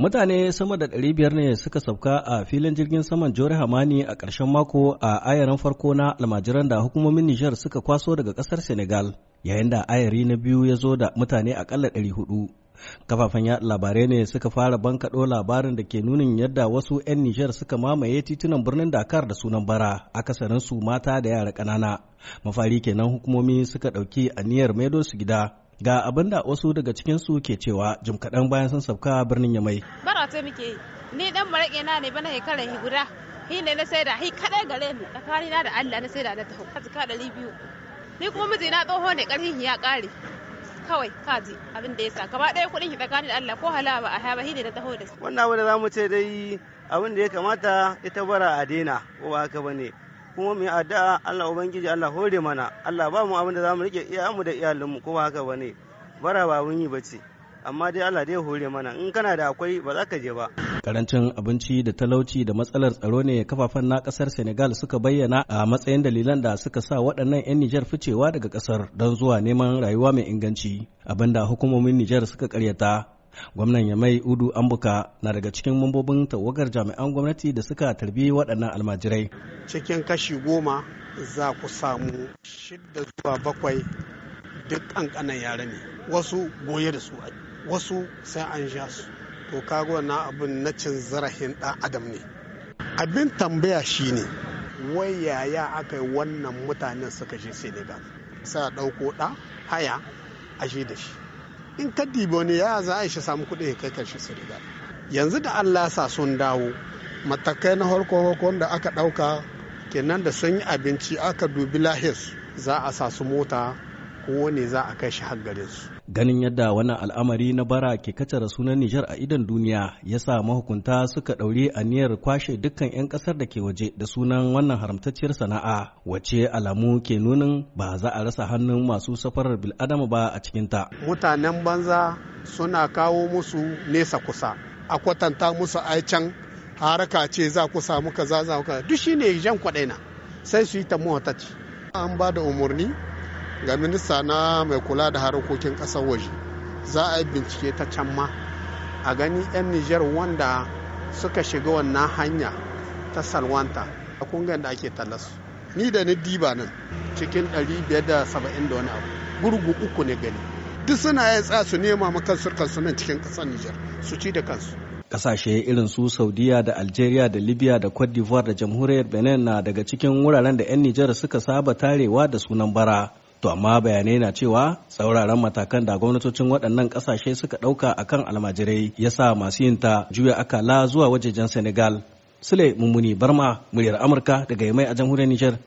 Mutane sama da ɗari biyar ne suka sauka a filin jirgin saman Jori Hamani a ƙarshen mako a ayaran farko na almajiran da hukumomin Nijar suka kwaso daga ƙasar Senegal, yayin da ayari na biyu ya zo da mutane aƙalla ɗari hudu. Kafafen yaɗa labarai ne suka fara bankaɗo labarin da ke nunin yadda wasu 'yan Nijar suka mamaye titunan birnin Dakar da sunan bara, akasarin su mata da yara ƙanana. Mafari kenan hukumomi suka ɗauki aniyar maido su gida. Ga abin da wasu daga cikin su ke cewa jim kaɗan bayan sun sauka birnin Yamai. Bara ta muke yi, ni dan maraƙe na ne bana hekara shekara guda. Hi ne na saida, hi kaɗai gare ni, tsakani na da Allah na saida na taho, ka ɗari biyu. Ni kuma miji na tsoho ne ƙarfin ya ƙare. kawai kaji abin da ya sa gaba ɗaya kuɗin tsakani da Allah ko hala ba a haba ne na taho da su wannan abu da za mu ce dai abin da ya kamata ita bara a daina ko ba haka ba ne. kuma mu yi addu'a Allah ubangiji Allah hore mana Allah ba mu abin da za mu rike iyayenmu da iyalinmu kuma haka bane bara ba mun yi bace amma dai Allah dai hore mana in kana da akwai ba za ka je ba karancin abinci da talauci da matsalar tsaro ne kafafen na kasar senegal suka bayyana a matsayin dalilan da suka sa waɗannan 'yan nijar ficewa daga kasar don zuwa neman rayuwa mai inganci abinda hukumomin nijar suka karyata gwamnan yamai udu ambuka na daga cikin mambobin tawagar jami'an gwamnati da suka tarbi waɗannan almajirai cikin kashi goma za ku samu shidda zuwa bakwai duk ƙanƙanan yare ne wasu goye da su wasu sai an sha su to kaga na abin na cin zarafin ɗan adam ne abin tambaya shi ne. wai yaya aka yi wannan mutanen suka je senegal sa ɗauko ɗa haya a da shi in ka dibi wani ya za a shi samu kuɗi ya kai karshe su yanzu da allah sa sun dawo matakai na harko harkon da aka ɗauka kenan da sun yi abinci aka dubi lahis za a sa su mota ko ne za a kai shi har garinsu ganin yadda wannan al'amari na bara ke kacara sunan Nijar a idan duniya ya sa mahukunta suka ɗauri a aniyar kwashe dukkan 'yan ƙasar da ke waje da sunan wannan haramtacciyar sana'a wace alamu ke nunin ba za a rasa hannun masu safarar bil'adama ba a cikinta. Mutanen banza suna kawo musu nesa kusa a kwatanta musu ai can haraka ce za ku samu kaza za ku duk shine jan kwaɗaina sai su yi ta an ba da umarni ga minista na mai kula da harkokin ƙasar waje za a yi bincike ta can ma a gani 'yan nijar wanda suka shiga wannan hanya ta salwanta a kungan da ake tallasu ni da ni diba nan cikin 570 da wani abu gurgu uku ne gani duk suna ya tsaya su nema ma kansu nan cikin ƙasar nijar su ci da kansu kasashe irin su saudiya da algeria da libya da cote d'ivoire da jamhuriyar benin na daga cikin wuraren da 'yan nijar suka saba tarewa da sunan bara To amma bayanai na cewa tsauraran matakan da gwamnatocin waɗannan ƙasashe suka ɗauka a kan almajirai ya sa masu yin ta juya akala zuwa wajejen Senegal. Sule Mummuni Barma, muryar Amurka daga Yamai a jamhuriyar Nijar.